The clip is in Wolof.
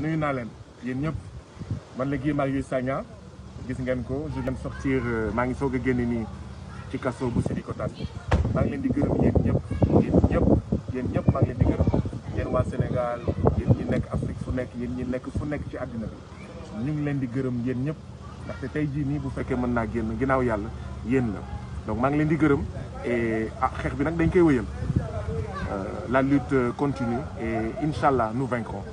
nuyu naa leen yéen ñëpp man la Guy Marius saña gis ngeen ko je viens de sortir euh, maa ngi soog a génn nii ci kaso bu Sébikotane maa ngi leen di gërëm yéen ñëpp yéen ñëpp maa ngi leen di gërëm yéen waa Sénégal yéen ñi nekk Afrique fu nekk yéen ñi nekk fu nekk ci àddina bi ñu ngi leen di gërëm yéen ñëpp ndaxte tey jii nii bu fekkee mën naa génn ginnaaw yàlla yéen na donc maa ngi leen di gërëm et ah xeex bi nag dañ koy wéyal euh, la lutte continue et incha allah nous vaincrons.